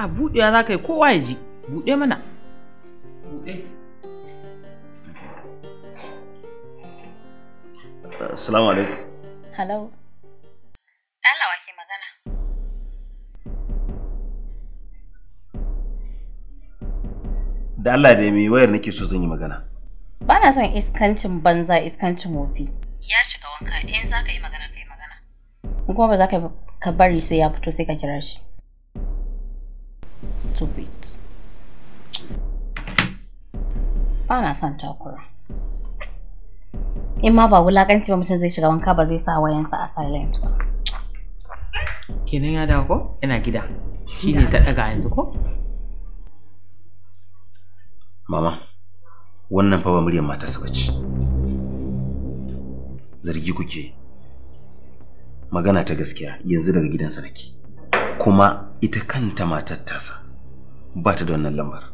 A buɗewa za ka yi kowa ya ji. Buɗe mana. Buɗe. salamu alaikum. Hello. Dalawa ke magana. Da Allah da mai wayar nake so zan yi magana. Ba na son iskancin banza iskancin wofi. Ya shiga wanka in eh, za ka yi magana ka yi magana. Kuma ba za ka bari sai ya fito sai ka kira shi. Stupid. Ba na son takura. In ma ba wulakanci ba mutum zai shiga wanka ba zai sa wayansa a silent ba. Kenan ya dawo ko? Yana gida. Shi ne ta ɗaga yanzu ko? Mama, wannan fa ba muryar matarsa ba ce. Zargi kuke. Magana ta gaskiya yanzu daga gidansa nake. kuma ita kanta matar tasa ba ta da wannan lambar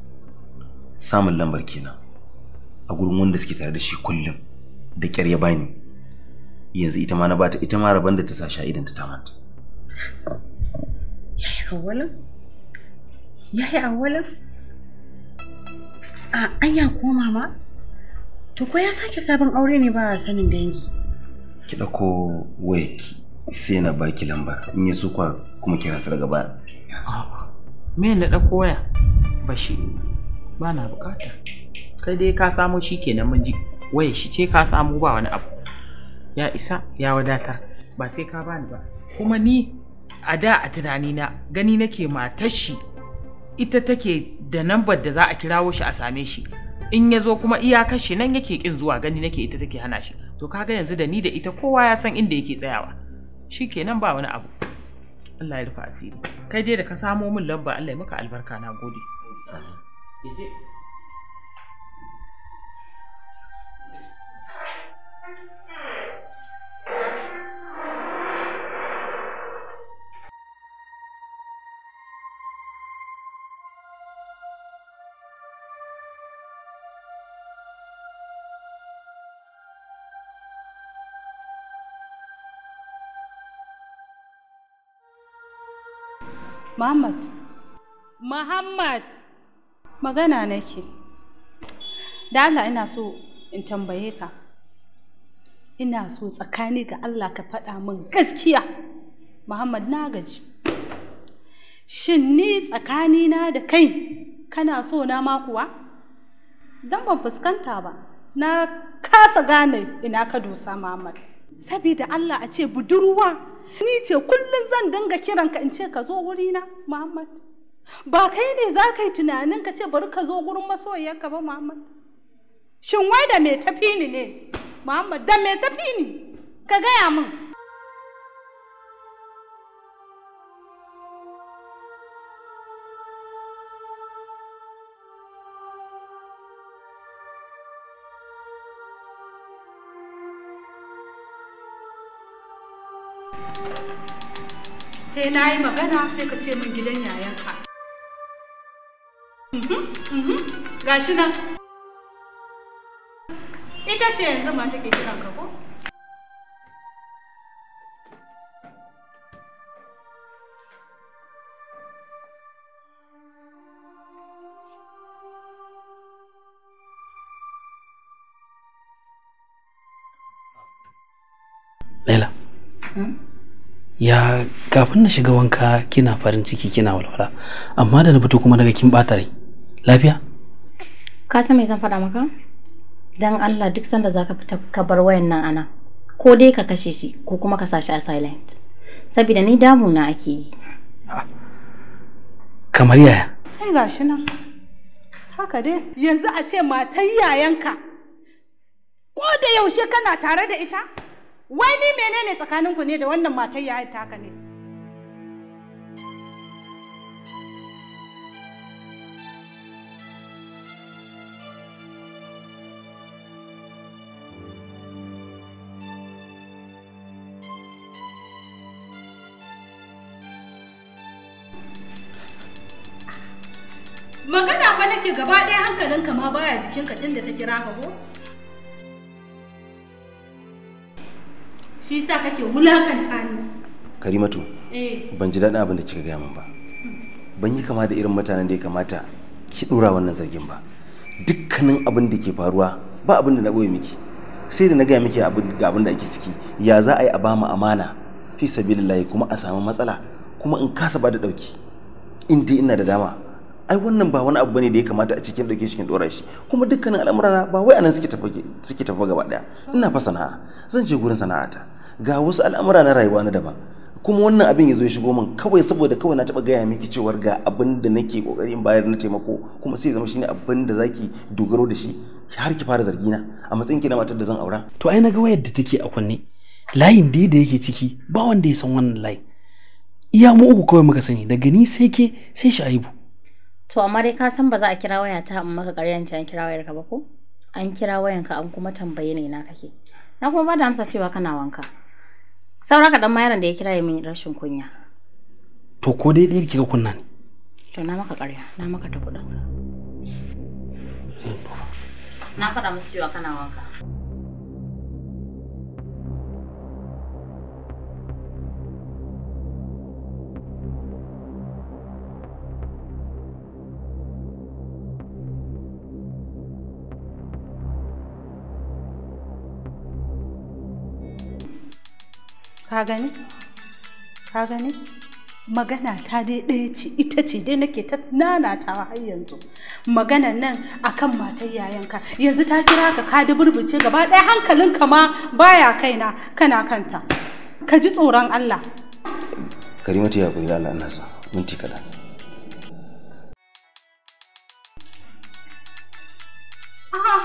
samun lambar kenan a gurin wanda suke tare da shi kullum da ƙyar ya bani yanzu ita ma na bata ita ma rabon da ta sa sha'idan ta manta yaya awwalan yaya awwalan a anya koma ma to ko ya sake sabon aure ne ba sanin dangi ki dauko wai sai na baki lambar in ya so kwa kuma kira su daga baya me na ɗauko waya ba shi ba na bukata kai dai ka samo shi kenan mun ji waya shi ce ka samo ba wani abu ya isa ya wadatar ba sai ka bani ba kuma ni a da a tunanina gani nake matar shi ita take da nambar da za a kirawo shi a same shi in ya zo kuma iyakar shi nan yake kin zuwa gani nake ita take hana shi to kaga yanzu da ni da ita kowa ya san inda yake tsayawa shikenan ba wani abu Allah ya rufa asiri kai dai da ka samo min lamba Allah ya maka albarka na gode Muhammad. Muhammad. Magana nake. Da Allah ina so in tambaye ka. Ina so tsakani ga Allah ka faɗa min gaskiya. Muhammad na gaji. Shin ni tsakani na da kai kana so na ma kuwa? Don ban fuskanta ba, na kasa gane ina ka dosa Muhammad. Sabida Allah a ce budurwa ni ce kullum zan dinga kiranka in ce ka zo wurina Muhammad. Ba kai ne za ka yi tunanin ka ce bari ka zo gurin masoyiyarka ba Muhammad. Shin wai da me tafi ni ne? Muhammad da me tafi ni? Ka gaya min. na yi magana sai ka ce min gidan yayanka. Mhm, mhm. Gashi nan. Ita ce yanzu ma take kiran ka ko? Hmm? Ya kafin na shiga wanka kina farin ciki kina walwala amma da na fito kuma daga kin bata rai lafiya ka san me zan faɗa maka dan Allah duk sanda zaka fita ka bar wayan nan ana ko dai ka kashe shi ko kuma ka sashi a silent saboda ni damu na ake yi ah. kamar yaya ai gashi nan haka dai yanzu a ce matan yayanka ko da yaushe kana tare da ita wai ni menene tsakaninku ne da wannan matan yayan taka ne Magana fa nake gaba ɗaya hankalinka ma baya jikinka tunda ta kira ka ko? Shi sa kake wulakanta ni. Karimatu. Eh. Ban ji daɗin abin da kika gaya min ba. Ban yi kama da irin mutanen da ya kamata ki ɗora wannan zargin ba. Dukkanin abin da ke faruwa ba abin da na ɓoye miki. Sai da na gaya miki ga abin da ake ciki. Ya za a yi a ba mu amana fi sabilillahi kuma a samu matsala kuma in kasa ba da ɗauki. In dai ina da dama ai wannan ba wani abu bane da ya kamata a cikin dauke cikin dora shi kuma dukkanin al'amura ba wai anan suke tafi suke tafi gaba daya ina fa sana'a zan je gurin sana'ata ga wasu al'amura na rayuwa na daban kuma wannan abin ya zo ya shigo min kawai saboda kawai na taba gaya miki cewar ga abin da nake kokari in bayar na taimako kuma sai zama shine abin da zaki dogaro da shi har ki fara zargi na a matsayin ki na matar da zan aura to ai naga wayar da take a kunne layin da da yake ciki ba wanda ya san wannan layin iya mu uku kawai muka sani daga ni sai ke sai shi aibu to amma dai ka san ba za a kira waya ta in maka ƙaryan an kira wayar ka ba ko an kira wayan ka an kuma tambaye ne na kake na kuma ba da amsa cewa kana wanka saura ka dan mayaran da ya kira ya min rashin kunya to ko dai dai kika kunna ne to na maka ƙarya na maka ta kuɗin ka na faɗa musu cewa kana wanka ka gani ka gani magana ta dai ɗaya ce ita ce dai nake ta nanatawa har yanzu magana nan akan matar yayanka yanzu ta kira ka ka duburbuce gaba ɗaya hankalinka ma baya kaina kana kanta ka ji tsoron Allah Karimatu ya kuri Allah nasa minti kaɗan Aha!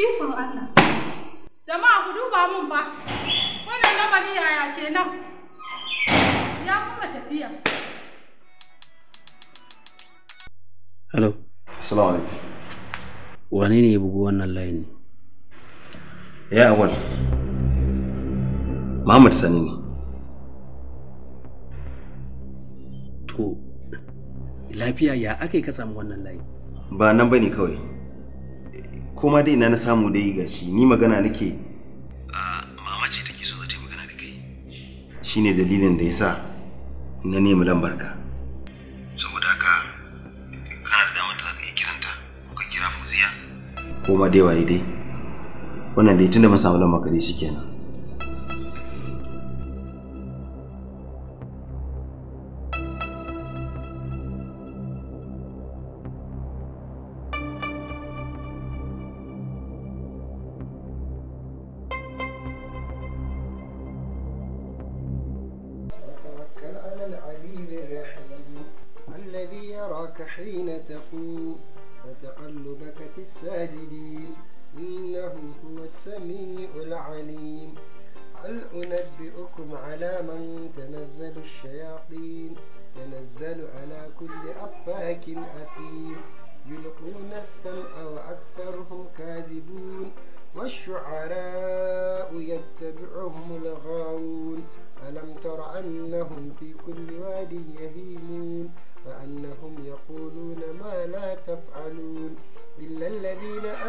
Ikon Allah! Jama'a ku duba mun ba. Wannan lamari yaya kenan? Ya kuma tafiya. Hello. Assalamu alaikum. Wane ne ya bugu wannan layin ne? Ya awal. Muhammad Sani ne. To, lafiya ya aka yi ka samu wannan layi? Ba nan bane kawai. Koma dai ina na samu dai gashi ni magana nake mama ce take so zata yi magana da kai. Shine dalilin da yasa na nemi lambar ka. Saboda haka kana da damar da za ka kiranta ko ka kira Fauziya. Koma dai waye dai. Wannan dai tunda mun samu lambar ka dai shikenan.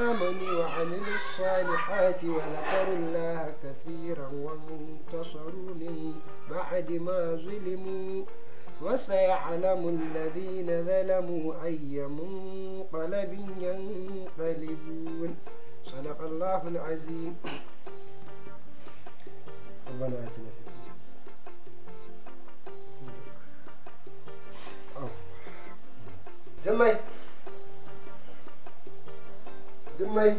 آمنوا وعملوا الصالحات وذكروا الله كثيرا وانتصروا من بعد ما ظلموا وسيعلم الذين ظلموا أي منقلب ينقلبون صدق الله العظيم ربنا آتنا في جمعي Jummai.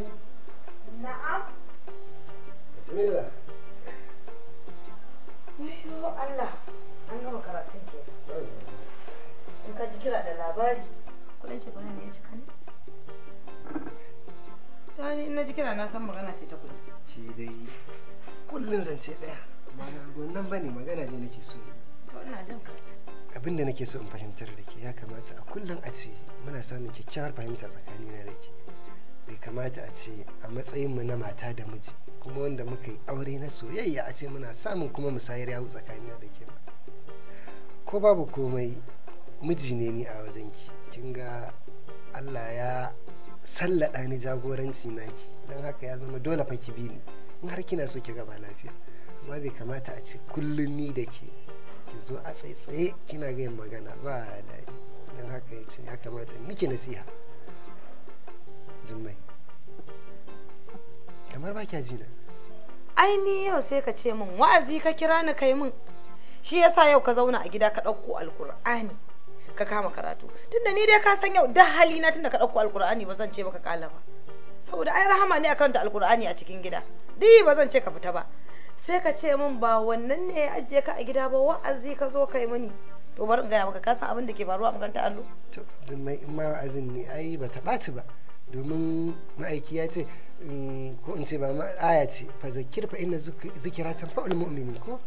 Allah, an gama karatun In ka ji kira da labari. Tani in na ji kira na san magana ce ta magana ne nake so. nake so in fahimtar da ke ya kamata a kullum a ce muna samun kyakkyawar fahimta tsakanina da ke. bai kamata a ce a matsayin mu na mata da miji kuma wanda muka yi aure na soyayya a ce muna samun kuma musayar yawo tsakanina da ke ko babu komai miji ne ni a wajen ki kin ga allah ya sallada ni jagoranci naki don haka ya zama dole fa ki bi ni in har kina so ki gaba lafiya amma bai kamata a ce kullum ni da ke ki zo a tsaitsaye kina ga yin magana ba daɗi don haka ya ya kamata miki nasiha jummai kamar ba ki ji na ai ni yau sai ka ce min wa'azi ka kira ni kai min shi yasa yau ka zauna a gida ka ɗauko alkur'ani ka kama karatu tunda ni dai ka san yau da hali na tunda ka ɗauko alkur'ani ba zan ce maka kala ba saboda ai rahama ne a karanta alkur'ani a cikin gida duk ba zan ce ka fita ba sai ka ce min ba wannan ne ya ajiye ka a gida ba wa'azi ka zo kai mini to bari in gaya maka ka san abin da ke faruwa a makarantar allo to in ma wa'azin ne ai ba ta ɓaci ba domin ma'aiki ya ce ko in ce ba ma'aya ce fa zakir fa inna zikira fa'ul mu'minin ko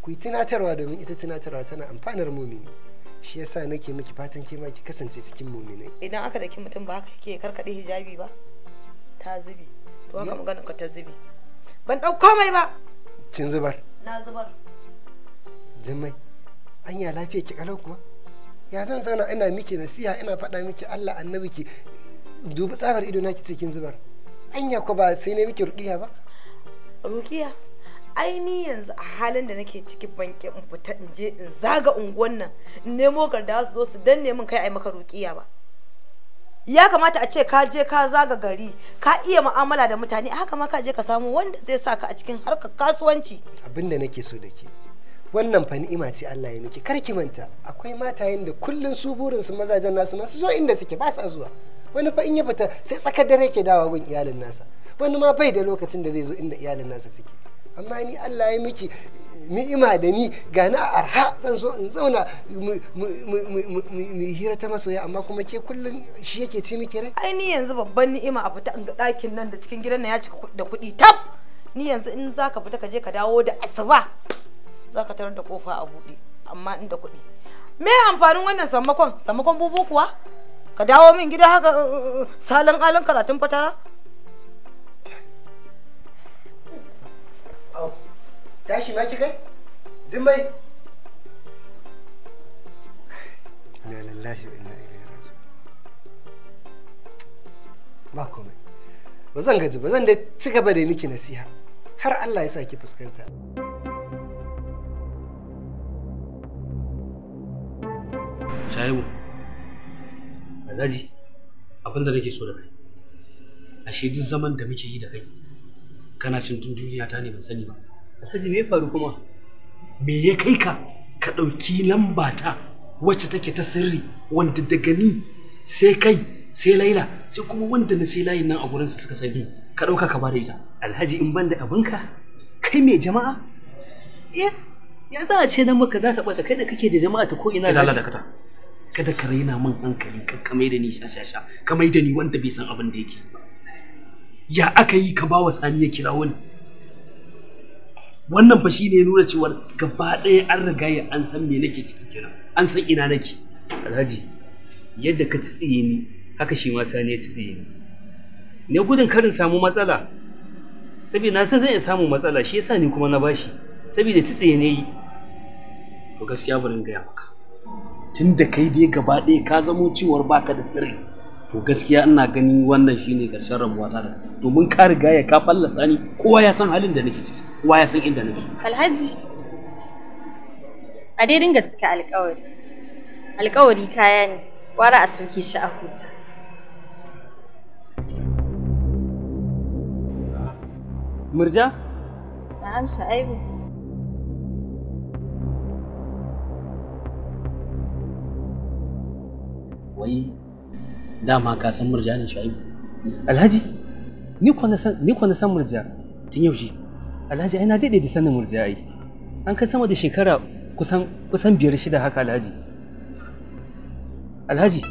ku tunatarwa domin ita tunatarwa tana amfanar mumini shi yasa nake miki fatan ke ma ki kasance cikin muminai idan aka daki mutum ba haka kike karkade hijabi ba ta zubi to haka magana ka ta zubi ban dau komai ba kin zubar na zubar jimmai anya lafiya ki kalau kuwa ya zan zauna ina miki nasiha ina faɗa miki Allah annabi ki dubi tsabar ido na kice zubar anya ko ba sai na miki rukiya ba rukiya ai ni yanzu a halin da nake ciki banke in fita in je in zaga unguwan nan in nemo garda su zo su danne min kai ai maka rukiya ba ya kamata a ce ka je ka zaga gari ka iya mu'amala da mutane haka ma ka je ka samu wanda zai saka a cikin harkar kasuwanci Abin da nake so da ke wannan fa ni'ima ce Allah ya miki kar ki manta akwai matayen da kullun su burin su mazajen nasu masu zo inda suke ba sa zuwa wani fa in ya fita sai tsakar dare ke dawa gun iyalin nasa wani ma bai da lokacin da zai zo inda iyalin nasa suke amma ni Allah ya miki ni'ima da ni ga a arha zan so in zauna mu hira ta masoya amma kuma ke kullum shi yake ci miki rai ai ni yanzu babban ni'ima a fita in ga ɗakin nan da cikin gidan na ya cika da kuɗi tab ni yanzu in zaka fita ka je ka dawo da asuba zaka tarar da kofa a buɗe amma inda kuɗi me amfanin wannan sammakon sammakon bubu kuwa ka dawo min gida haka uh, uh, uh, salon alin karatun fatara tashi ma kai zimmai na ba komai ba zan gaji ba zan da ci gaba da miki nasiha har Allah ya sa ki fuskanta Shaibu Alhaji abin da nake so da kai ashe duk zaman da muke yi da kai kana cin duniya ta ne ban sani ba Alhaji me ya faru kuma me ya kai ka ka ɗauki lamba ta wacce take ta sirri wanda daga ni sai kai sai laila sai kuma wanda na sai layin nan a gurinsa suka sani hmm. ka ɗauka ka bada ita alhaji in ban da abinka kai mai jama'a eh, ya za a ce nan maka za ta ɓata kai da kake da jama'a ta ko ina da dakata kada ka raina min hankali ka mai da ni shashasha ka mai da ni wanda bai san abin da yake ya aka yi ka ba wa sani ya kira wani wannan fa shine nuna cewa gaba ɗaya an riga ya an san me nake ciki kira, an san ina nake alhaji yadda ka tsiye ni haka shi ma sani ya tsiye ni ne gudun karin samu matsala saboda na san zan iya samu matsala shi yasa ni kuma na bashi saboda tsiye ne yi to gaskiya barin gaya maka tun da kai dai gaba ɗaya ka zamo cewar baka da sirri to gaskiya ina gani wannan shine karshen ta da domin ka riga ya ka fallasa ni kowa ya san halin da nake ciki kowa ya san inda nake alhaji a dai dinga cika alƙawari alƙawari kaya ne wara a soke shi a huta murja na amsa aibu wai dama ka san murja ne shaibu alhaji ni ko na san ni ko na san murja tun yaushe alhaji ai na daidai da sanin murja ai an kai sama da shekara kusan kusan biyar shida haka alhaji alhaji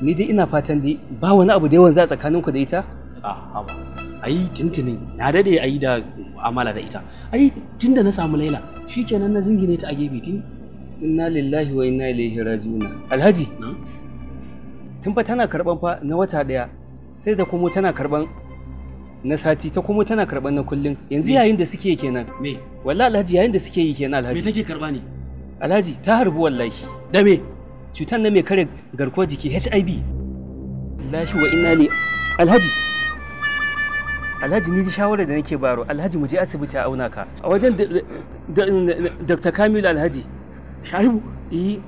ni dai ina fatan dai ba wani abu da yawan za tsakaninku da ita ah, A ba ai tuntuni na dade ayi da amala da ita ai tunda na samu laila shikenan na zingine ta a gefe tun inna lillahi wa inna ilaihi rajiuna alhaji tun fa tana karban fa na wata daya sai da komo tana karban na sati ta komo tana karban na kullun yanzu yayin da suke kenan me wallahi alhaji yayin da suke yi kenan alhaji me take karba ne alhaji ta harbu wallahi da me cutar na mai kare garkuwar jiki HIV lahi wa inna li alhaji alhaji ni shawarar da nake baro alhaji mu je asibiti a auna ka a wajen dr kamilu alhaji shaibu eh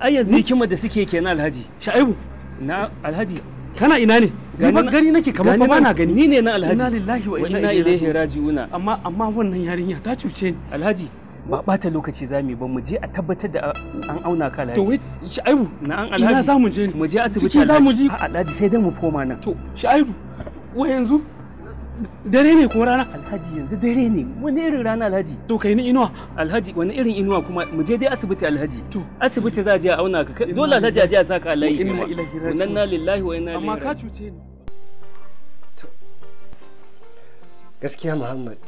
ai yanzu hikimar da suke kenan alhaji shaibu na alhaji kana ina ne ni ba gani nake kamar ba na gani ni ne na alhaji inna lillahi wa inna ilaihi raji'una amma amma wannan yarinya ta cuce ni alhaji ba bata lokaci za mu yi ba mu je a tabbatar da uh, an auna ka alhaji to wai sha'ibu na an alhaji ina za mu je ne mu je asibiti alhaji za mu alhaji sai dai mu koma nan to sha'ibu wa yanzu dare ne ko rana alhaji yanzu dare ne wani irin rana alhaji to kai ni inuwa alhaji wani irin inuwa kuma mu je dai asibiti alhaji to asibiti za a je a auna ka dole alhaji a je a saka alayi inna ilahi raji'un na lillahi wa inna ilaihi amma ka cuce ni gaskiya muhammad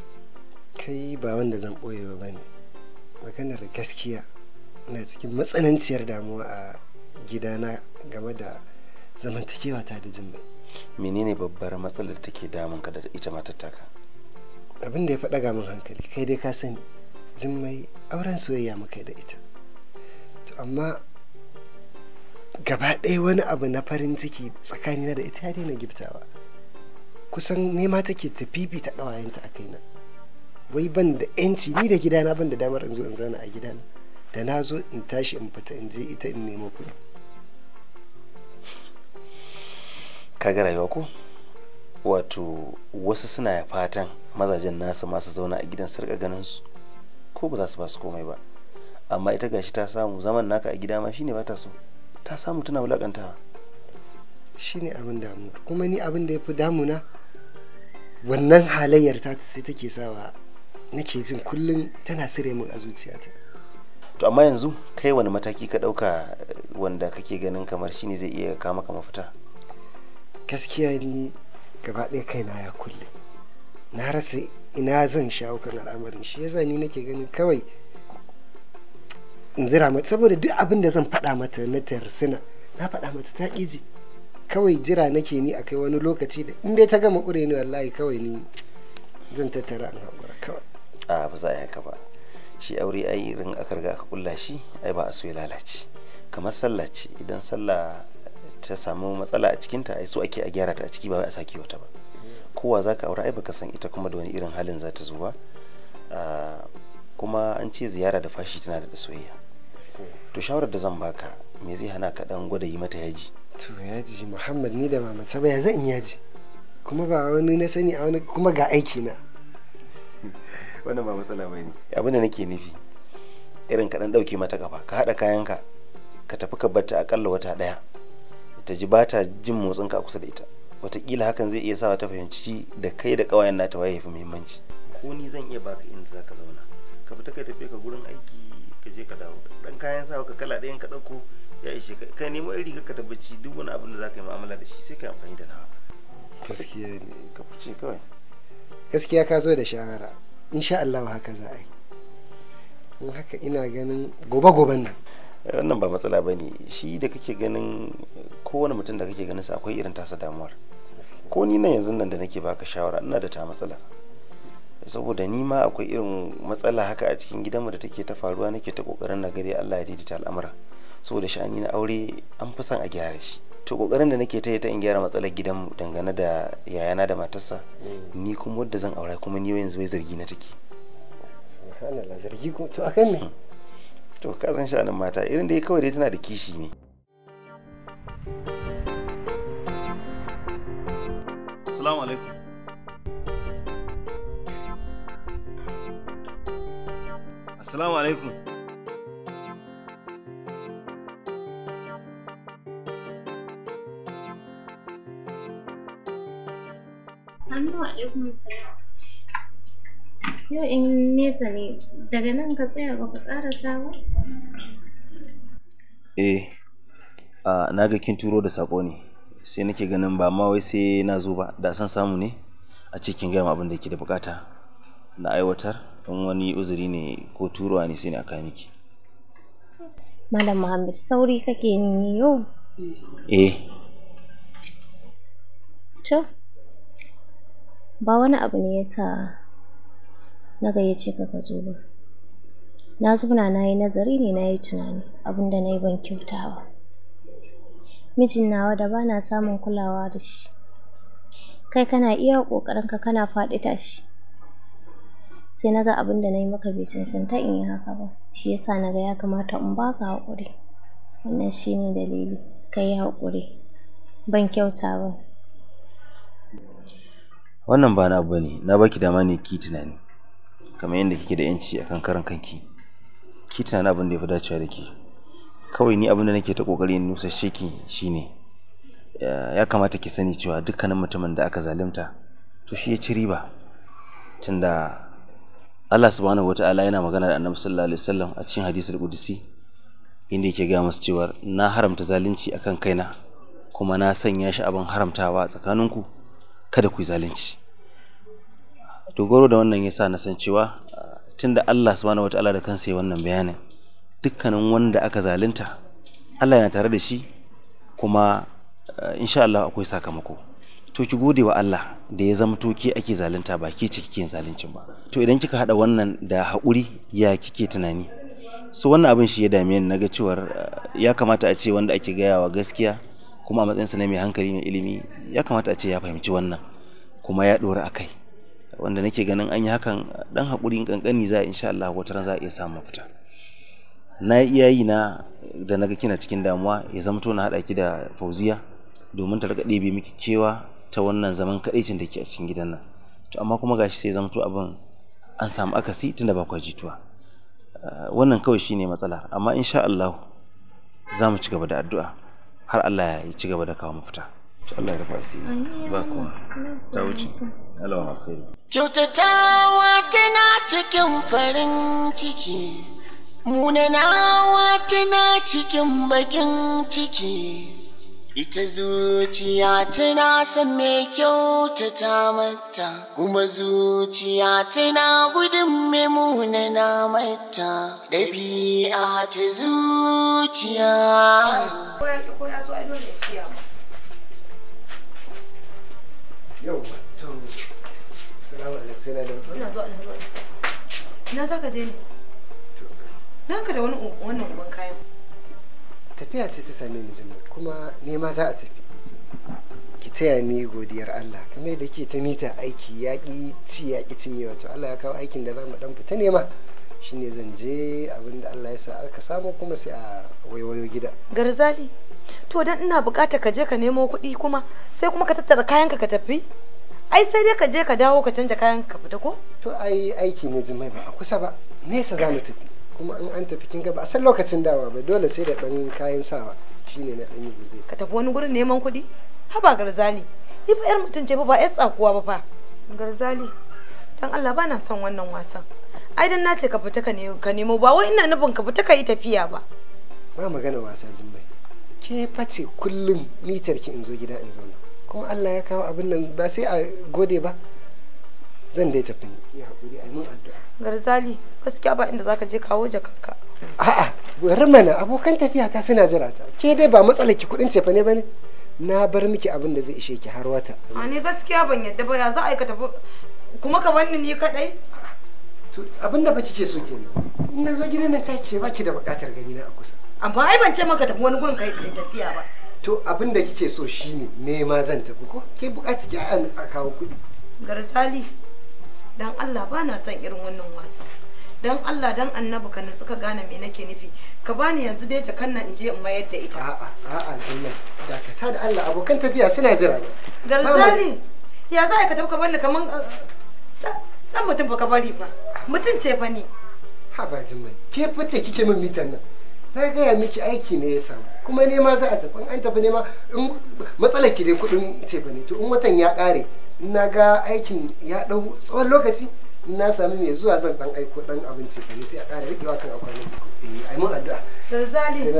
kai ba wanda zan boye ba bane maganar gaskiya na cikin matsananciyar damuwa a gidana game da zamantakewa ta da jimai menene babbar matsalar da take damun ka da ita matar taka abin da ya faɗa ga mun hankali kai dai ka sani mai auren soyayya muka da ita to amma gaba ɗaya wani abu na farin ciki tsakani na da ita ya daina giftawa kusan nema take ta ta ƙawayenta a kaina wai ban da yanci ni da gidana ban da damar in zo in zauna a gidana da na zo in tashi in fita in je ita in nemo kuɗi kaga rayuwa ko wato wasu suna fatan mazajen nasu masu zauna a gidan sarka ganin su ko ba za su ba su komai ba amma ita gashi ta samu zaman naka a gida ma shine ba ta so ta samu tana wulakanta shine abin mu kuma ni abin da ya fi damuna wannan halayyar ta sai take sawa nake jin kullum tana sire min a zuciyata to amma yanzu kai wani mataki ka dauka wanda kake ganin kamar shine zai iya kama ka mafita gaskiya ni gaba ɗaya kaina ya kulle na rasa ina zan shawo kan al'amarin shi yasa ni nake ganin kawai in zira mata saboda duk abin da zan faɗa mata na tarsina na faɗa mata ta ƙiji kawai jira nake ni a kai wani lokaci da in dai ta gama ƙure ni wallahi kawai ni zan tattara in haƙura kawai a ba za a yi haka ba shi aure ai irin aka riga aka kulla shi ai ba a so ya lalace kamar sallah ce idan sallah ta samu matsala a cikinta ai so ake a gyara ta a ciki ba wai a sake wata ba kowa za ka aura ai baka san ita kuma da wani irin halin za ta zo ba ah, kuma an ce ziyara da fashi tana da soyayya to shawarar da zan baka me zai hana ka dan gwada yi mata yaji to yaji muhammad ni da mama ta baya zan yaji kuma ba wani na sani a wani kuma ga aiki na wannan ba matsala ba ne abin da nake nufi irin ka dan dauke mata kafa ka hada kayanka ka tafi ka batta akalla wata daya ta ji ba ta jin motsinka a kusa da ita watakila hakan zai iya sawa ta fahimci da kai da ƙawayen nata waye fi muhimmanci ko ni zan iya baka inda zaka zauna ka fita kai tafi ka gurin aiki ka je ka dawo dan kayan sawa ka kala ɗayan ka ɗauko ya ishe ka kai nemo iri ka tabbaci duk wani abin da zaka yi mu'amala da shi sai ka amfani da nawa gaskiya ne ka fice kawai gaskiya ka zo da shawara insha Allah haka za a yi haka ina ganin gobe-goben nan wannan ba matsala ba ne shi da kake ganin kowane mutum da kake ganin sa akwai irin tasa damuwar ko ni nan yanzu nan da nake baka shawara ina da ta matsala saboda ni ma akwai irin matsala haka a cikin gidanmu da take ta faruwa nake ta kokarin na gare Allah ya daidaita al'amura saboda sha'ani na aure an fi son a gyara shi to kokarin da nake ta yi ta in gyara matsalar gidanmu dangane da yayana da matarsa mm. ni kuma wadda zan aura kuma ni yanzu bai zargi na take subhanallah zargi to akan ne. to ka san sha'anin mata irin da ya kawai dai tana da kishi ne assalamu alaikum assalamu alaikum Assalamu alaikum salam. Yau in nesa ne, daga nan ka tsaya ba ka ƙarasa ba? Eh, na ga kin turo da saƙo ne, sai nake ganin ba ma wai sai na zo ba, da san samu ne a cikin gaya abin da ke da bukata na aiwatar, in wani uzuri ne ko turowa ne sai a kai miki. Malam Muhammad sauri kake ni yau? Eh. To, ba wani abu ne yasa na gayyace ka ka zo ba na zauna na yi nazari ne na yi tunani abin da na yi ban kyauta ba mijin nawa da ba na samun kulawa da shi kai kana iya ka kana faɗi tashi sai na ga abin da na yi maka bai cancanta in yi haka ba shi yasa na ga ya kamata in ba ka haƙuri wannan shi ne dalili ka yi haƙuri ban kyauta ba wannan ba na abu ne na baki dama ne ki tunani kamar yadda kike da yanci akan karan kanki ki tunanin abin da ya fi dacewa da ke kawai ni abin da nake ta kokari in nusashe ki shine eh, ya kamata ki sani cewa dukkanin mutumin da aka zalunta to shi ya ci riba tunda Allah subhanahu wata'ala yana magana da Annabi sallallahu alaihi wasallam a cikin hadisul qudsi inda yake ga masu cewa na haramta zalunci akan kaina kuma na sanya shi abin haramtawa tsakaninku kada ku yi zalunci dogaro da wannan yasa na san cewa tunda Allah subhanahu wataala da kansa ya wannan bayanin dukkanin wanda aka zalunta Allah yana tare da shi kuma eh, insha Allah akwai sakamako to ki gode wa Allah da ya zama toki ake zalunta ba ki ci kike zaluncin ba to idan kika hada wannan da haƙuri ya kike tunani so wannan abin shi ya dame ni naga cewar eh, ya kamata a ce wanda ake gayawa gaskiya kuma a matsayinsa na mai hankali mai ilimi ya kamata a ce ya fahimci wannan kuma ya ɗora a kai wanda nake ganin an yi hakan dan haƙurin kankani za insha Allah wata za a iya samu mafita na yi iyayi na da naga kina cikin damuwa ya zamto na haɗa ki da Fauziya domin ta rika ɗebe miki kewa ta wannan zaman kadaicin da ke a cikin gidan nan to amma kuma gashi sai zamto abin an samu akasi tunda ba kwa jituwa eh, wannan kawai shine matsalar amma insha Allah za mu ci gaba da addu'a har Allah ya ci gaba da kawo mafita Allah ya rufa ba kuma ta wuce Allah ma khairi kyautatawa tana cikin farin ciki munanawa tana cikin bakin ciki ita zuciya tana san kyautata mata kuma zuciya tana gudun mai munana mata ɗabi'a ta zuciya sai na ina zuwa ina zuwa ina za ka je ne na ka da wannan uban kayan tafiya ce ta same ni jimmi kuma nema za a tafi ki taya ni godiyar Allah kamar da ke ta mita aiki yaƙi ci yaƙi cinyewa to Allah ya kawo aikin da za mu dan fita nema shine zan je abinda Allah ya sa aka samu kuma sai a waiwayo gida. Garzali, to dan ina bukata ka je ka nemo kuɗi kuma sai kuma ka tattara kayanka ka tafi? ai sai dai ka je ka dawo ka canja kayan ka fita ko to ai aiki ne jimai ba a kusa ba nesa za mu tafi kuma in an tafi kin ga ba a san lokacin dawa ba dole sai da ɗan kayan sawa shine na ɗan yi guze ka tafi wani gurin neman kuɗi haba garzali ni fa yar mutum ce ba yar tsakuwa ba fa garzali dan Allah bana son wannan wasan ai dan nace ka fita ka nemo ba wai ina nufin ka fita ka yi tafiya ba ba magana wasa jimai ke face kullum mitar ki in zo gida in zauna kuma Allah ya kawo abin nan ba sai a gode ba zan dai tafi garzali gaskiya ba inda zaka je kawo jakanka a'a bari mana abokan tafiya ta suna jira ta ke dai ba matsalar ki kudin cefa ne bane na bar miki abin da zai ishe ki har wata a ne gaskiya ban yadda ba ya za a aikata kuma ka banni ni kadai to abin da ba kike so kenan in na zo gidan nan ta ke baki da bukatar gani na a kusa amma ai ban ce maka tafi wani gurin kai tafiya ba to abin da kike so shine nema zan tafi ko ke bukaci ki a kawo kudi. garzali dan Allah ba na son irin wannan wasa dan Allah dan annabi ka suka gane me nake nufi ka bani yanzu dai jakan nan je in mayar da ita a'a a'a jinna dakata da Allah abokan tafiya suna jira garzali ya za ka tafi ka bani kaman eh, dan mutum ba ka bari ba mutum ce fa ni ha ba jinna ke fice kike min mitan nan na gaya miki aiki ne ya samu kuma nema za a tafi an tafi nema in matsalar ki dai kudin tefa ne to in watan ya kare na ga aikin ya dau tsawon lokaci na sami mai zuwa zan dan aiko dan abinci ne sai a kare rikewa kan akwai eh, ne ai mun addu'a garzali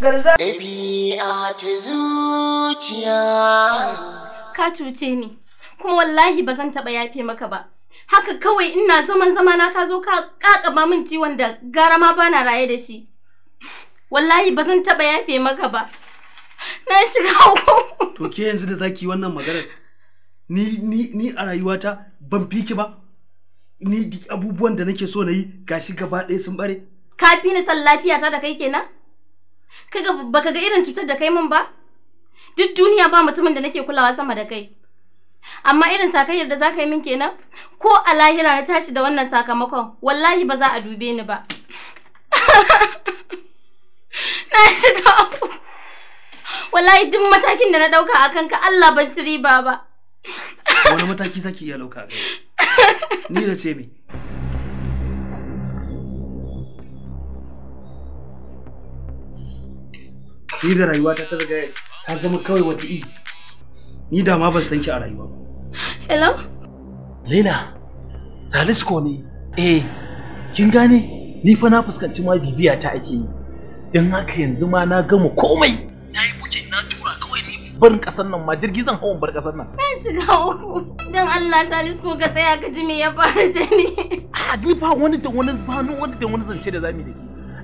garzali ta zuciya ka cuce ni kuma wallahi ba zan taba yafe maka ba haka kawai ina zaman zamana ka zo ka kakaba min ciwon da gara ma bana raye da shi wallahi ba zan taba yafe maka ba na shiga uku to ke yanzu da zaki wannan magana ni ni ni a rayuwata ban fiki ba ni duk abubuwan da nake so na yi gashi gaba ɗaya sun bare ka fi ni san lafiyata da kai kenan kaga baka ga irin cutar da kai min ba duk duniya ba mutumin da nake kulawa sama da kai amma irin sakayyar da zaka yi min kenan ko a lahira na tashi da wannan sakamakon wallahi ba za a dube ni ba na shiga uku wallahi duk matakin da na dauka a kanka Allah ban ci riba ba wani mataki saki iya dauka ni da ce me ni da rayuwa ta riga ta zama kawai wata iri ni da ma ban san ki a rayuwa ba hello Lena Salisko ne eh kin gane ni fa na fuskanci ma bibiya ta ake yi don haka yanzu ma na gama komai na yi buje na tura kawai ni barin kasar nan ma jirgi zan hawan bar kasar nan na shiga uku don Allah Salisu ko ka tsaya ka ji me ya faru da ni a ni ba wani da wani ba ni wani da wani zance da zamu yi da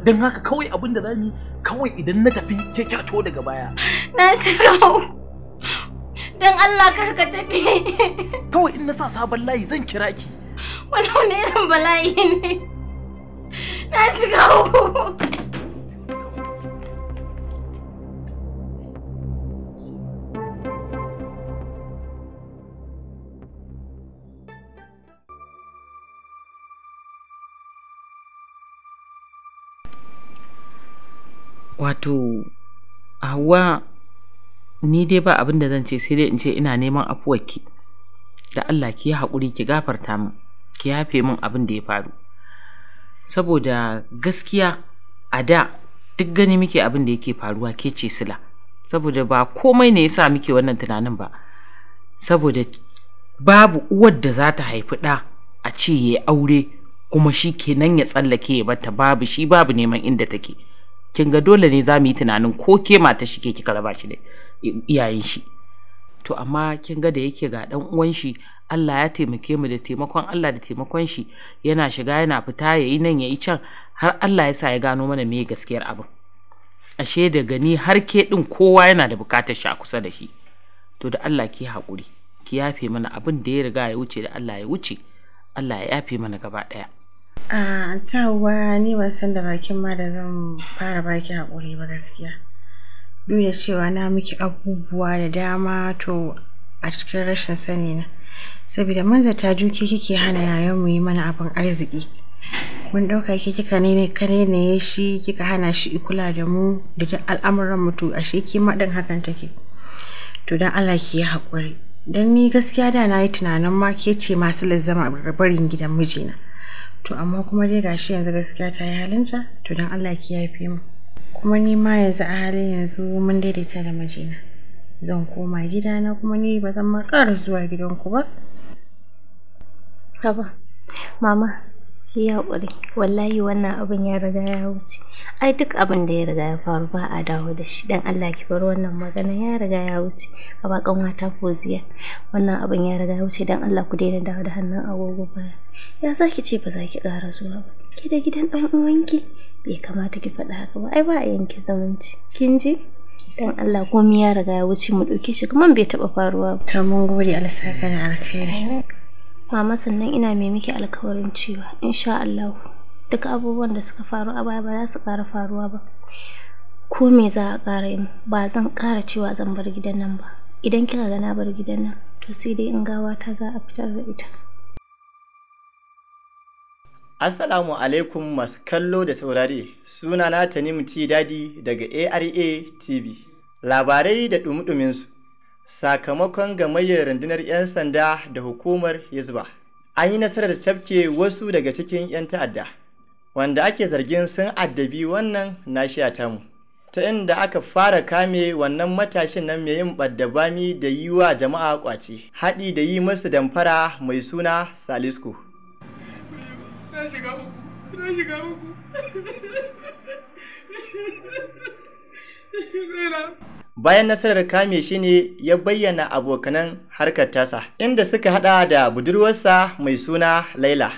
don haka kawai abin da zamu yi kawai idan na tafi ke to daga baya na shiga uku don Allah kar ka tafi kawai in na sa sabon layi zan kira ki wani wani irin bala'i ne na shiga uku wato Hauwa ni dai ba abin da zan ce sai dai in ce ina neman afuwarki da Allah ki yi haƙuri ki gafarta min ki yafe min abin da ya faru saboda gaskiya a da duk gani muke abin da yake faruwa ke ce sila saboda ba komai ne yasa muke wannan tunanin ba saboda babu uwar da zata ta haifi ɗa a ce ya aure kuma shi kenan ya tsallake ya bata babu shi babu neman inda take kin ga dole ne za mu yi tunanin ko ke mata shi ke kika raba shi da iyayen shi to amma kin ga da yake ga dan uwan shi Allah ya taimake mu da taimakon Allah da taimakon shi yana shiga yana fita yayi nan yayi can har Allah ya sa ya gano mana me gaskiyar abin ashe da gani har ke din kowa yana da bukatar shi a kusa da shi to da Allah ki hakuri ki yafe mana abin da ya riga ya wuce da Allah ya wuce Allah ya yafe mana gaba ɗaya A tawa ni ban san da bakin ma da zan fara baki haƙuri ba gaskiya. Duk da cewa na miki abubuwa da dama to a cikin rashin sani na. Saboda manza ta duke kike hana yayan mu yi mana abin arziki. Mun ɗauka ke kika ne kare shi kika hana shi kula da mu da duk al'amuran mu to ashe ke ma ɗin hakan take. To don Allah ki yi haƙuri. Don ni gaskiya da na yi tunanin ma ke ce masu lazzama barin gidan mijina. to amma kuma dai ga shi yanzu gaskiya ta yi halinta to don Allah ki yafe mu kuma ni ma yanzu a halin yanzu mun daidaita da majina. zan koma gidana kuma ni ba zan ma ƙara zuwa gidanku ba haba mama ya ƙware wallahi wannan abun ya riga ya wuce ai duk abin da ya riga ya faru ba a dawo da shi dan Allah ki bar wannan magana ya riga ya wuce a bakan wata foziya wannan abun ya riga ya wuce dan Allah ku daina dawo da hannun agogo baya ya za ki ce ba za ki ƙara zuwa ba ki da gidan ɗan uwanki bai kamata ki faɗa haka ba ai ba a yanke zumunci kin ji dan Allah komai ya riga ya wuce mu ɗauke shi kaman bai taɓa faruwa ba Ta mun gode Allah saka da alkhairi Mama sannan ina mai miki alkawarin cewa insha Allah duk abubuwan da suka faru a baya ba za su ƙara faruwa ba. Ko me za a ƙara yi ba zan ƙara cewa zan bar gidan nan ba. Idan kika ga na bar gidan nan to sai dai in gawa ta za a fitar da ita. Assalamu alaikum masu kallo da saurare sunana Tanimu T Dadi daga ARA TV. Labarai da ɗumi-ɗuminsu. sakamakon gamayyar rundunar 'yan sanda da hukumar hizba an yi nasarar cafke wasu daga cikin 'yan ta'adda wanda ake zargin sun addabi wannan nashiya tamu ta inda aka fara kame wannan matashin nan mai yin baddabami da yi wa jama'a ƙwace haɗi da yi masu damfara mai suna salisku bayan nasarar kame shi ne ya bayyana abokanan harkar tasa inda suka hada da budurwarsa mai suna laila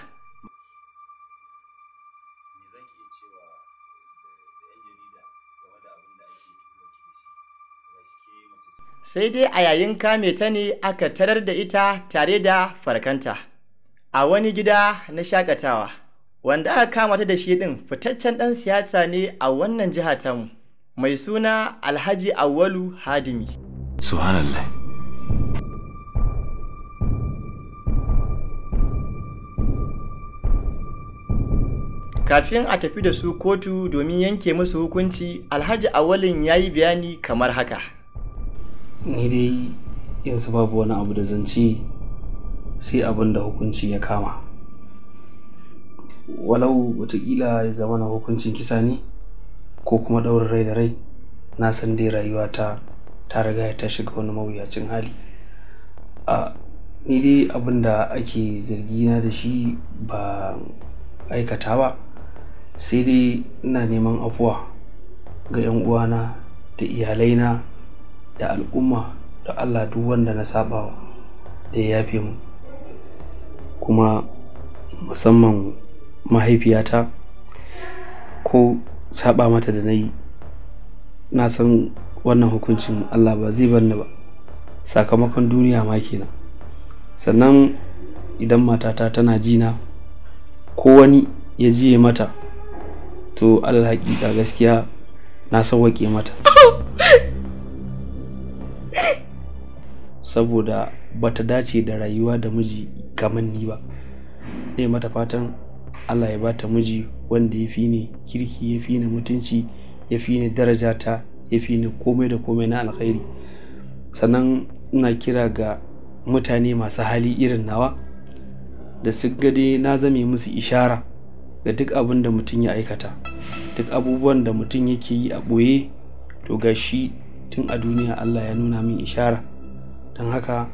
sai dai a yayin kame ta ne aka tarar da ita tare da farkanta a wani gida na shakatawa wanda aka kama ta da shi din fitaccen dan siyasa ne a wannan jiha tamu mai suna Alhaji Awwalu Hadimi. Subhanallah. kafin a tafi da su kotu domin yanke musu hukunci alhaji awalin ya yi bayani kamar haka ni dai yanzu babu wani abu da zance sai abin da hukunci ya kama walau watakila ya zama na hukuncin kisa ne ko kuma ɗaurin rai da rai na san dai rayuwa ta ta riga ta shiga wani mawuyacin hali a ni dai abin da ake zargi na da shi ba aikata ba sai dai ina neman afuwa ga 'yan uwana da iyalaina da al'umma da allah duk wanda na saba da ya yafe mu kuma musamman mahaifiyata ko saba mata da na yi na san wannan hukuncin Allah ba zai bar ni ba sakamakon duniya ma kenan sannan idan matata tana jina ko wani ya jiye mata to alal hakika gaskiya na sauwaƙe mata saboda bata dace da rayuwa da miji kamar ni ba ne mata fatan Allah ya bata miji wanda ya fi ni kirki ya fi ni mutunci ya fi ni darajata ya fi ni komai da komai na alkhairi sannan ina kira ga mutane masu hali irin nawa da su gade na zame musu ishara ga duk abin da mutum ya aikata duk abubuwan da mutum yake yi a ɓoye to ga shi tun a duniya allah ya nuna min ishara don haka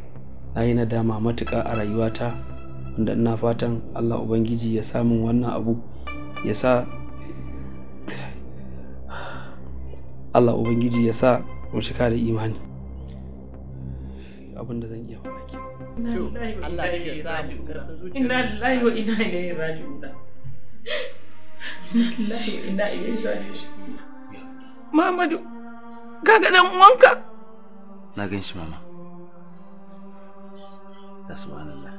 na yi nadama matuƙa a rayuwata wanda ina fatan allah ubangiji ya samun wannan abu ya sa Allah Ubangiji ya sa mu cika da imani abin da zan iya faɗa ke Allah ya sa mu inna lillahi wa inna ilaihi raji'un lillahi wa inna ilaihi raji'un Muhammadu kaga dan uwanka na gan shi mama da subhanallah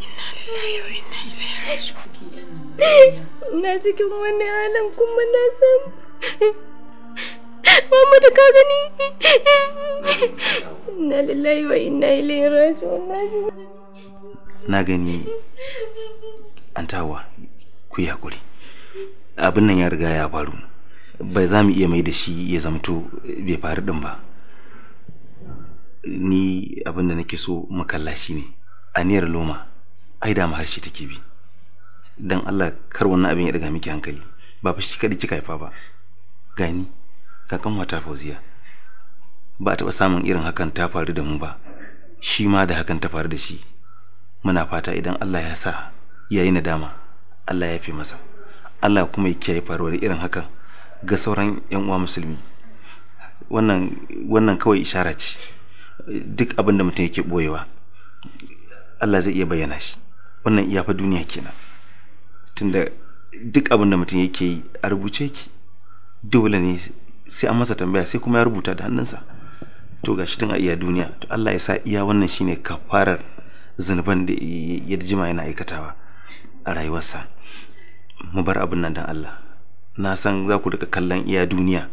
inna lillahi wa inna ilaihi raji'un na cikin wannan halin kuma na san Muhammadu ka gani na lillahi wa inna ilaihi raji'un na gani an tawa ku yi hakuri abin nan ya riga ya faru bai za mu iya mai da shi ya zamto bai faru din ba ni abin da nake so makalla shi ne aniyar loma ai da mu harshe take bi dan Allah kar wannan abin ya daga miki hankali ba fa shi kadi kika haifa ba gani kakan wata fauziya ba a taɓa samun irin hakan ta faru da mu ba shi ma da hakan ta faru da shi muna fata idan Allah ya sa yayi nadama Allah ya fi masa Allah kuma ya kiyaye faruwar irin hakan ga sauran yan uwa musulmi wannan wannan kawai ishara ce duk abin da mutum yake boyewa Allah zai iya bayyana shi wannan iyafa duniya kenan tunda duk abin da mutum yake yi a rubuce ki dole ne sai an masa tambaya sai kuma ya rubuta da hannunsa to ga shi tun a iya duniya to Allah ya sa iya wannan shine kafarar zunuban da ya jima yana aikatawa a rayuwarsa mu bar abin nan dan Allah na san za ku daga kallon iya duniya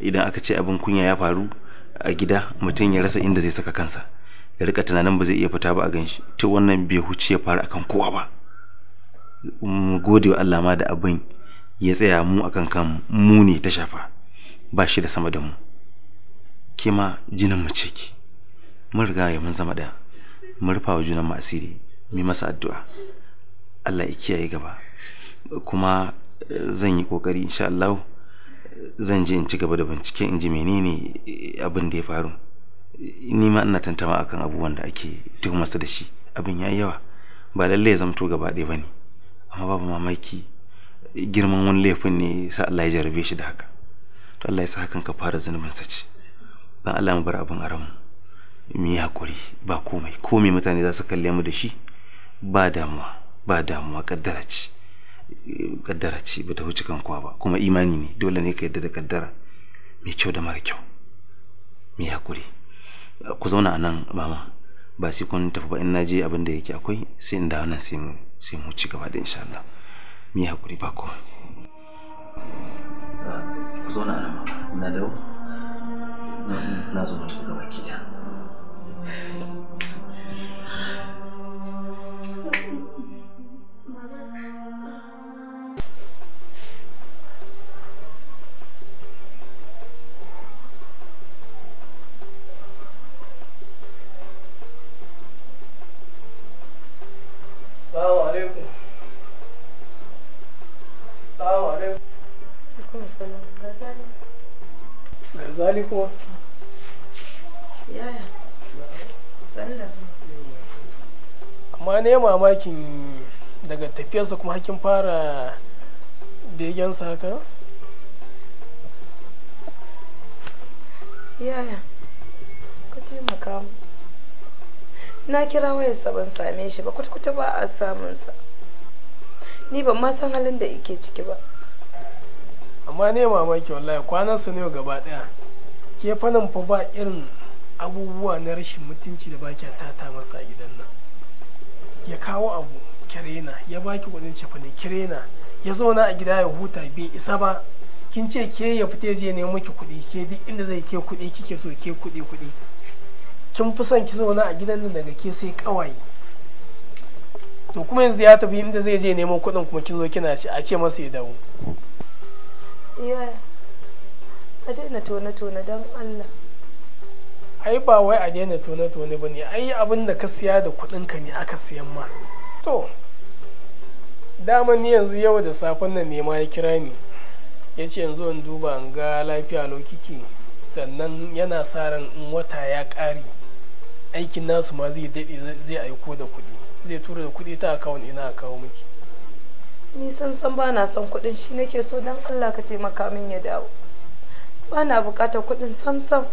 idan aka ce abin kunya ya faru a gida mutum ya rasa inda zai saka kansa ya rika tunanin ba zai iya fita ba a ganshi to wannan bai huce ya faru akan kowa ba mu gode wa Allah ma da abin ya tsaya mu akan kan mu ne ta shafa ba shi da sama da mu ke jinin mu ciki ki mun riga ya mun zama da mu rufa wa junan mu asiri mu masa addu'a Allah ya kiyaye gaba kuma eh, zan yi kokari insha Allah zan je in ci gaba da bincike in ji menene eh, abin da ya faru ni ma ina tantama akan abubuwan da ake tuhumarsa da shi abin ya yawa ba lallai ya zamto gaba ɗaya ba ne amma babu mamaki girman wani laifin ne sa Allah ya jarabe shi da haka to Allah ya sa hakan ka fara zunubin sa ci dan Allah mu bar abin aramu mu yi hakuri ba komai komai mutane za su kalle mu da shi ba damuwa ba damuwa kaddara ci kaddara ce wuce kan kowa ba kuma imani ne dole ne ka yadda da kaddara mai kyau da mara kyau mu yi hakuri ku zauna anan nan mama ba sai kun tafi ba in na je abin da yake akwai sai in dawo nan sai mu sai mu ci gaba da insha Allah mi hakuri ba komai ah, ku zo na nan na dawo na zo mu tafi gaba ki da hali Sanda yaya amma ne mamakin daga tafiyarsa kuma hakin fara begensa haka ya. ka taimaka mu na kira wayarsa ban same shi ba kwata-kwata ba a samunsa ni ban ma san halin da ike ciki ba amma ne mamaki wallahi kwanansu ne gaba daya ke fanan fa ba irin abubuwa na rashin mutunci da baki tata masa a gidan nan ya kawo abu kirena ya baki kudin cefane kirena ya zauna a gida ya huta bai isa ba kin ce ke ya fita je ne miki kuɗi ke duk inda zai ke kuɗi kike so ke kuɗi kuɗi kin fi son ki zauna a gidan nan daga ke sai kawai. to kuma yanzu ya tafi inda zai je neman kuɗin kuma kin zo kina ci a ce masa ya dawo yeah. a daina tone-tone don allah ai ba wai a daina tone-tone ba ne ai abin da ka siya da kuɗinka ne aka siyan ma to dama yanzu yau da safen nan ne ma ya kira ni ya ce yanzu in duba in ga lafiya lokiki sannan yana sa ran in wata ya ƙare aikin nasu ma zai daɗe zai aiko da kuɗi zai tura da kuɗi ta akawun ina a kawo miki ni san san ba na son kuɗin shi nake so don allah ka taimaka min ya dawo Bana na bukatar kuɗin samsam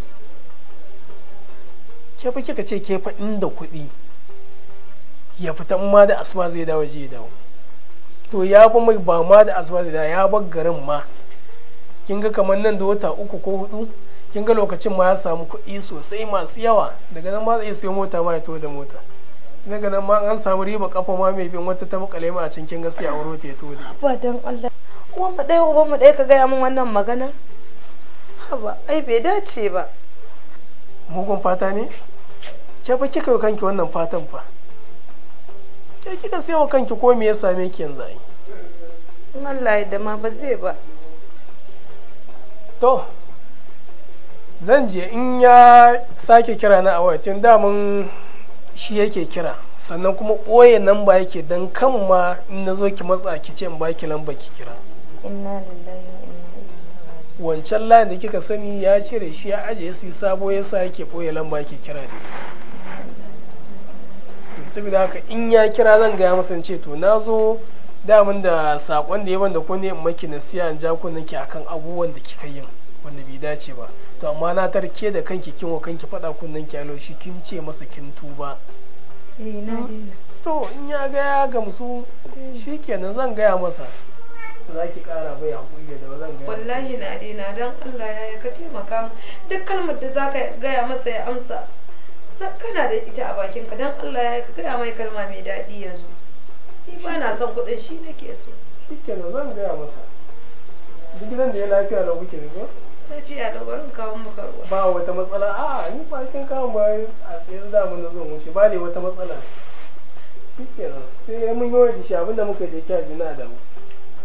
ke fa kika ce ke fa inda kuɗi ya fita ma da asma zai dawo je dawo to ya fi mai ba ma da asma zai dawo ya bar garin ma kin ga kamar nan da wata uku ko hudu kin ga lokacin ma ya samu kuɗi sosai masu yawa daga nan ma zai siyo mota ma ya to da mota daga nan ma an samu riba kafa ma mai bin wata ta makale ma a cikin gaskiya a wuro ta ya to da ba dan Allah uwan mu ɗaya uban mu ɗaya ka gaya min wannan magana ba ai bai dace ba mugun fata ne ke fa kika yi kanki wannan fatan fa ke kika sai wa kanki ko me ya same ki yanzu ai Allah ya dama ba zai ba to zan je in ya sake kira na a wacin mun shi yake kira sannan kuma ɓoye nan ba yake don kan ma in na zo ki matsa ki ce in ba ki lamba ki kira inna lillahi wancan layin da kika sani ya cire shi ya ajiye su sabo ya sa yake ɓoye lamba yake kira ne saboda haka in ya kira zan gaya masa ce to na zo damin da sakon da yawan da kone ne in maki nasiya ja kunnen ki akan abubuwan da kika yin wanda bai dace ba to amma na tarke da kanki kin wa kanki faɗa kunnen ki alo shi kin ce masa kin tuba eh, to in ya gaya gamsu eh. shikenan zan gaya masa za ki kara mai hakuri da zan gaya wallahi na dina dan Allah ya ya ka taimaka mu duk kalmar da zaka gaya masa ya amsa kana da ita a bakin ka dan Allah ya ka gaya mai kalma mai daɗi yanzu ni ba na son kuɗin shi nake so na zan gaya masa duk gidan da ya lafiya da kuke ne ba lafiya da barin kawo maka ba wata matsala a ni ba kin kawo ba a tsayin da mun zo mu shi ba ne wata matsala na sai mun yi wa shi abinda muka je kya jina da mu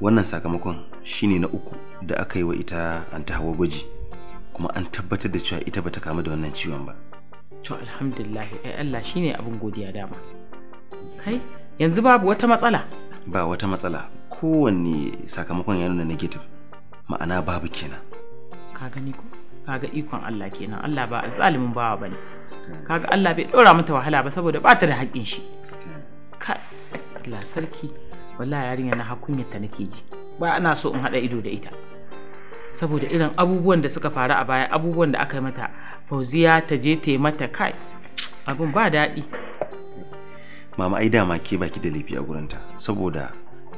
wannan sakamakon shine na uku da aka yi wa ita an ta hawa gwaji kuma an tabbatar da cewa ita bata kamu da wannan ciwon ba to alhamdulillah ai Allah shine abin godiya dama kai yanzu babu wata matsala ba wata matsala kowanne sakamakon ya nuna negative ma'ana babu kenan ka gani ko kaga ikon Allah kenan Allah ba zalimin bawa bane ga Allah bai dora mata wahala ba saboda ba ta da haƙƙin shi ka Allah sarki wallahi yarinya na ta nake ji ba ana so in haɗa ido da ita saboda irin abubuwan da suka faru a baya abubuwan da aka yi mata fauziya ta je ta mata kai abin ba daɗi mama ai dama ke baki da laifi a gurinta saboda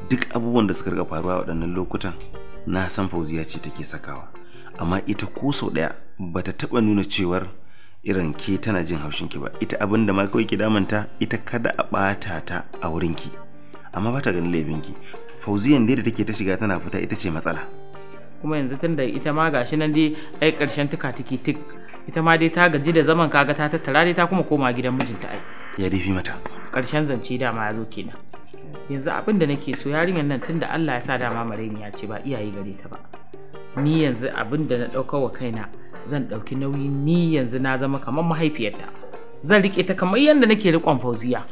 duk abubuwan da suka rika faruwa waɗannan lokutan na san fauziya ce take sakawa amma ita ko sau ɗaya bata taba nuna cewar irin ke tana jin haushin ki ba ita abinda ma kawai ki damanta ita kada a ɓata ta a wurin ki amma ba ta ganin laifinki fauziyan dai da take ta shiga tana fita ita ce matsala kuma yanzu tun da ita ma gashi nan dai ai karshen tuka tiki tik ita ma dai ta gaji da zaman kaga ta tattara dai ta kuma koma gidan mijinta ai ya dafi mata karshen zance dama ya zo kenan yanzu abin da nake so yarinyar nan tun da Allah ya sa dama ya ce ba iyaye gare ta ba ni yanzu abin da na ɗauka wa kaina zan ɗauki nauyi ni yanzu na zama kamar mahaifiyarta zan riƙe ta kamar yadda nake riƙon fauziya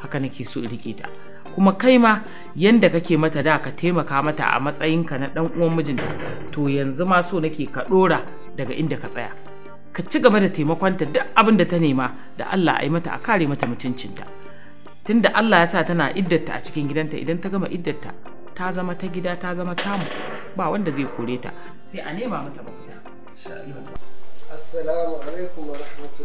haka nake so in riƙe ta kuma kai ma yanda kake mata da ka taimaka mata a matsayinka na ɗan uwan mijinta to yanzu ma so nake ka ɗora daga inda ka tsaya ka ci gaba da taimakonta duk abin da ta nema da Allah a mata a kare mata mutuncinta tunda Allah ya sa tana iddata a cikin gidanta idan ta gama iddata ta zama ta gida ta zama tamu ba wanda zai kore ta sai a nema mata mafita assalamu alaikum wa wa barakatuh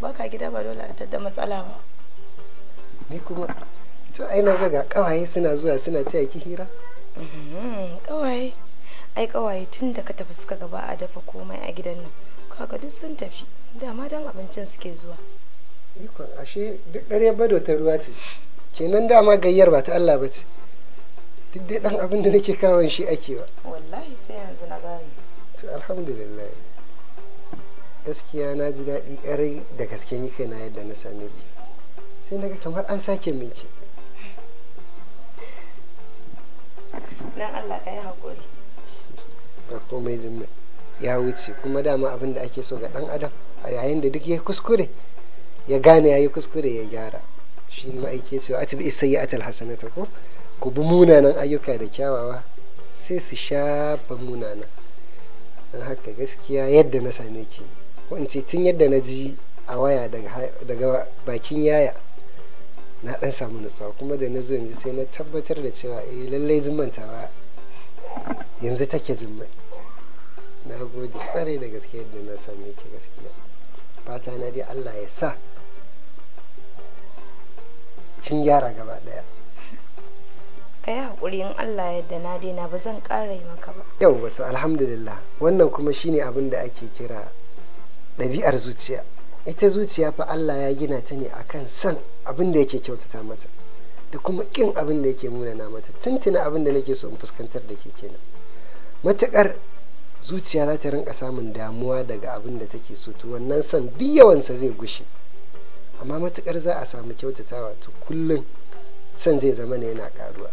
baka gida ba dole a tada matsala ba ni kuma to ai na ga kawaye suna zuwa suna taya ki hira kawaye mm-hmm. ai kawaye tun da ka tafi suka gaba a dafa komai a gidan nan kaga duk sun tafi dama dan abincin suke zuwa ikon ashe duk dare bado ta ruwa ce kenan dama gayyar ba ta Allah ba ce duk dai dan abin da nake kawon shi ake ba wallahi sai yanzu na gane to alhamdulillah gaskiya na ji daɗi ƙarai da gaske ni kai na yadda na same ki sai na ga kamar an sake min ki dan Allah ka yi haƙuri ba komai ya wuce kuma dama abin da ake so ga ɗan adam a yayin da duk ya kuskure ya gane ya yi kuskure ya gyara shi ma aike cewa atibi sayyi'atul ko ku bi munanan ayyuka da kyawawa sai su shafa munana don haka gaskiya yadda na same ki wance tun yadda na ji a waya daga bakin yaya na dan samu nutsuwa kuma da na zo yanzu sai na tabbatar da cewa eh lallai ba yanzu take zummai na gode kware da gaske yadda na same ki gaskiya fata na dai Allah ya sa kin gyara gaba daya ka yi haƙuri in Allah yadda na daina ba zan ƙara yi maka ba yau wato alhamdulillah wannan kuma shine abin da ake kira ɗabi'ar zuciya ita zuciya fa Allah ya gina ta ne akan san abin da yake kyautata mata da kuma ƙin abin da yake munana mata tuntuna abin da nake so in fuskantar da ke kenan matuƙar zuciya za ta rinka samun damuwa daga abin da take so to wannan san duk yawansa zai gushe amma matuƙar za a samu kyautatawa to kullum san zai zama ne yana ƙaruwa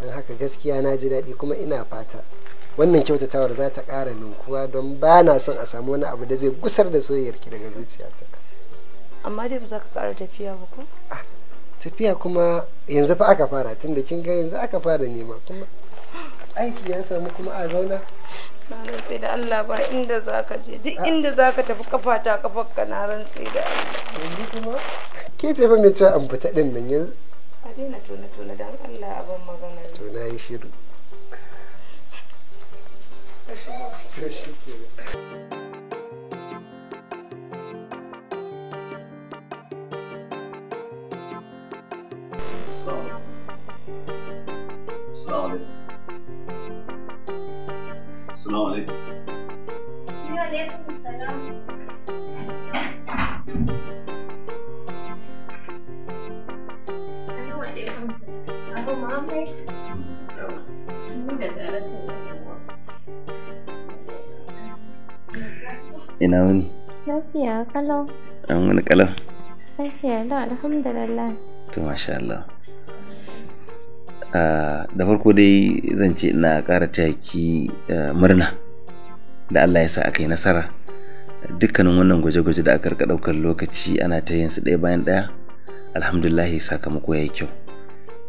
don haka gaskiya na ji daɗi kuma ina fata wannan kyautatawar za ta ƙara ninkuwa don ba na son a samu wani abu da zai gusar da soyayyarki daga zuciyata amma dai ba za ka ƙara tafiya ba ko ah, tafiya kuma yanzu fa aka fara tun da kin ga yanzu aka fara nema kuma aiki ya samu kuma a zauna na sai da Allah ba inda za ka je duk ah. inda za ka tafi kafa ta kafar ka na rantse da Allah yanzu kuma ke ce fa mai cewa an fita din nan yanzu a daina tona tona dan Allah abin magana to na yi shiru Assalamu ina wani lafiya kalau an wani kalau lafiya da alhamdulillah to masha Allah ah, da farko dai zan ce ina ƙara taki ah, murna da Allah ya sa aka yi nasara dukkanin wannan gwaje-gwaje da aka ɗaukar lokaci ana ta yin su ɗaya bayan ɗaya alhamdulahi sakamako ya yi kyau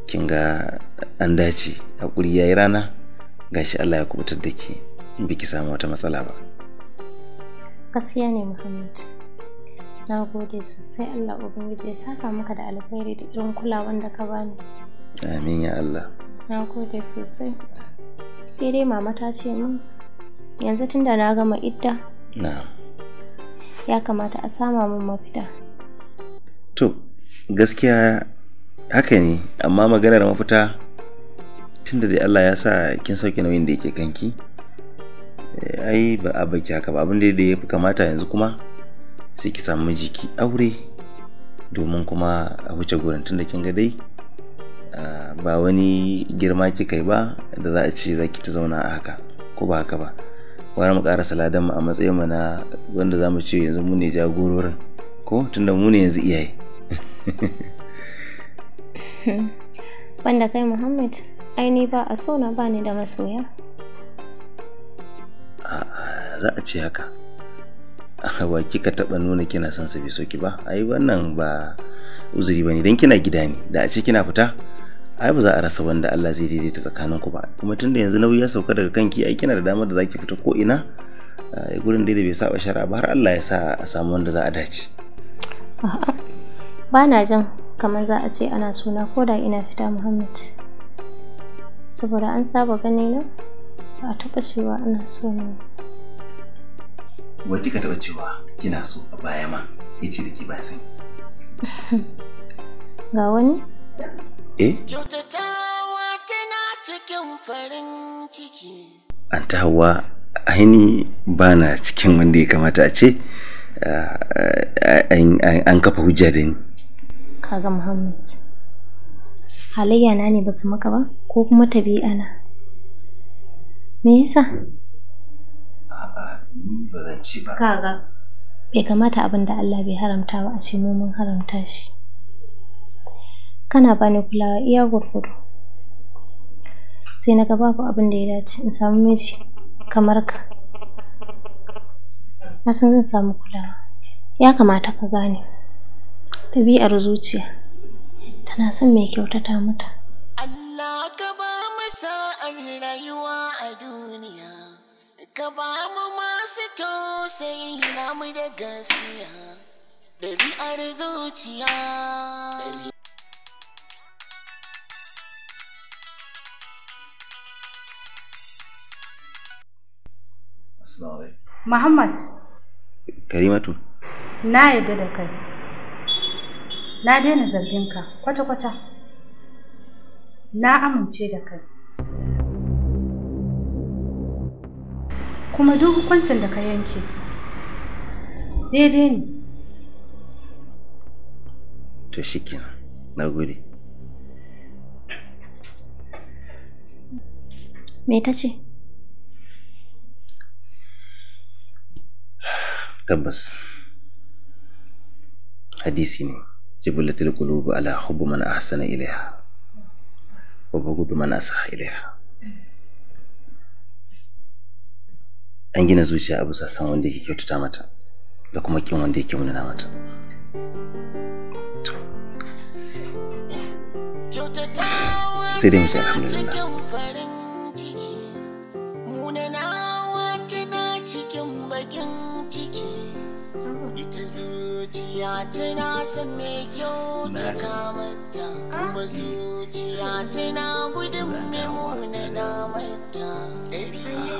kin ga an dace hakuri ya yi rana gashi Allah ya kubutar da ke biki samu wata matsala ba gaskiya ne muhammad na gode sosai allah ubangiji ya saka maka da alkhairi da irin kulawan da ka bani amin ya allah na gode sosai sai dai mama ta ce min yanzu tunda na gama idda na ya kamata a sama min mafita to gaskiya haka ne amma maganar mafita tunda dai allah ya sa kin sauke nauyin da yake kanki Eh, ai ba a baki haka ba abin da ya fi kamata yanzu kuma sai ki samu jiki aure domin kuma a wuce gurin tun da kin ga dai ba wani girma kika yi ba da za a ce za ki ta zauna a haka ko ba haka ba wani mu ƙara saladan mu a matsayin mu na wanda za mu ce yanzu mu ne jagororin ko tunda mu ne yanzu iyaye wanda kai muhammad aini ba a so na bani da masoya za a ce haka wa kika taba nuna kina son sa bai soki ba ai wannan ba uzuri bane dan kina gida ne da a ce kina fita ai ba za a rasa wanda Allah zai daidaita tsakanin ku ba kuma tunda yanzu nauyi ya sauka daga kanki ai kina da damar da zaki fita ko ina gurin da bai saba shara ba har Allah ya sa a samu wanda za a dace a'a ba na jin kamar za a ce ana suna ko da ina fita Muhammad saboda an saba gani na ba taɓa cewa ana so na wai kika taɓa cewa kina so a baya ma ya ce da ke ba san ga wani eh an ta hawa aini ba na cikin wanda ya kamata a ce an kafa hujja da ni kaga muhammad halayya na ne ba su maka ba ko kuma tabi'a na me yasa a'a ni ba zan ci ba kaga bai kamata abin da Allah bai haramta ba a ce mu mun haramta shi kana bani kulawa iya gurgudu sai na ga babu abin da ya dace in samu miji kamar ka na san zan samu kulawa ya kamata ka gane ɗabi'ar zuciya tana son mai kyautata mata Allah ka ba mu sa'an rayuwa duniya ka ba mu masu tausayi mu da gaskiya ɗabi'ar zuciya Muhammad. Karimatu. Na yadda da kai. Na daina zargin ka kwata-kwata. Na amince da kai. kuma duk hukuncin da ka yanke daidai ne to shikenan na gode me ta ce tabbas hadisi ne jibilatul qulubi ala hubbi man ahsana ilaiha wa bughd man asaha ilaiha an gina zuciya a bisa san wanda yake kyautata mata da kuma kin wanda yake munana mata sai dai alhamdulillah tana mata kuma tana gudun mai